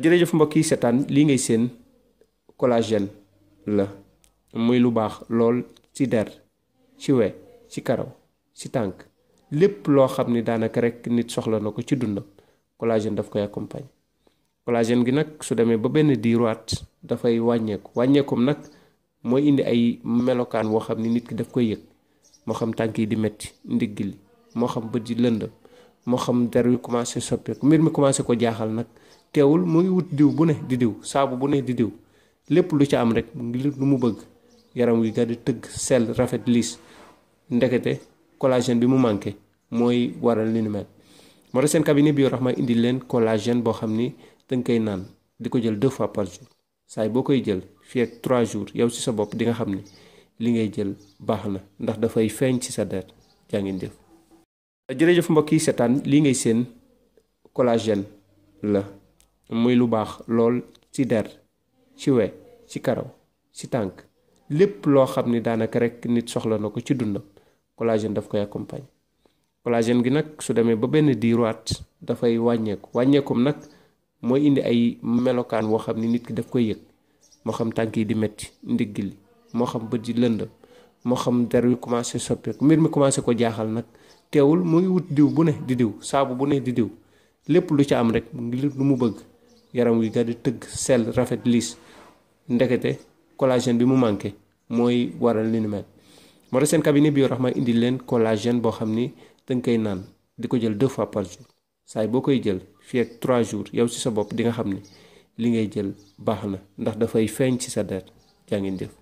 jërëjëf mbokk yi seetaan lii ngay seen collagen la muy lu baax lool ci der ci we ci karaw ci tànk lépp loo xam ni daanaka rekk nit soxla na ko ci dundam collagène daf koy accompagner collagène gi nag su demee ba benn diiruwaat dafay wàññeeku wàññeekum nag mooy indi ay melokaan woo xam ni nit ki daf koy yëg moo xam tànk yi di metti ndigg li moo xam bët yi lëndëm moo xam der wi commencé soppeeku mbir mi commencé ko jaaxal nag teewul moo ngi wut diw bu ne di diw saabu bu ne di diw lépp lu ci am rek lu mu bëgg yaram wi daal di tëgg sell rafet liis ndekete collagène bi mu manqué mooy waral li ni mel moo tax seen cabinet bio rahma indi leen collagène boo xam ni danga koy naan di ko jël deux fois par jour saay boo koy jël fii trois jours yow ci sa bopp di nga xam ni li ngay jël baax na ndax dafay feeñ ci sa der jaa ngeen jëf jërëjëf mbokk yi seetaan lii ngay seen collagène la muy lu baax lool ci der ci we ci karaw ci tànk lépp loo xam ni daanaka rekk nit soxla na ko ci dundam collagène daf koy accompagner collagène gi nag su demee ba benn diiruwaat dafay wàññeeku wàññeekum nag mooy indi ay melokaan woo xam ni nit ki daf koy yëg moo xam tànk yi di metti ndigg li moo xam bët yi lëndëm moo xam der wi commencé soppeeku mbir mi commencé ko jaaxal nag teewul mu ngi wut diw bu ne di diw saabu bu ne di diw lépp lu ci am rek lu mu bëgg yaram wi daal di tëgg sell rafet liis ndekete collagène bi mu manqué mooy waral li ni mel moo tax seen cabinet Biorahma indi leen collagène boo xam ni da nga koy naan di ko jël deux fois par jour saay boo koy jël fii ak trois jours yow ci sa bopp di nga xam ni li ngay jël baax na ndax dafay feeñ ci sa der jaa ngeen jëf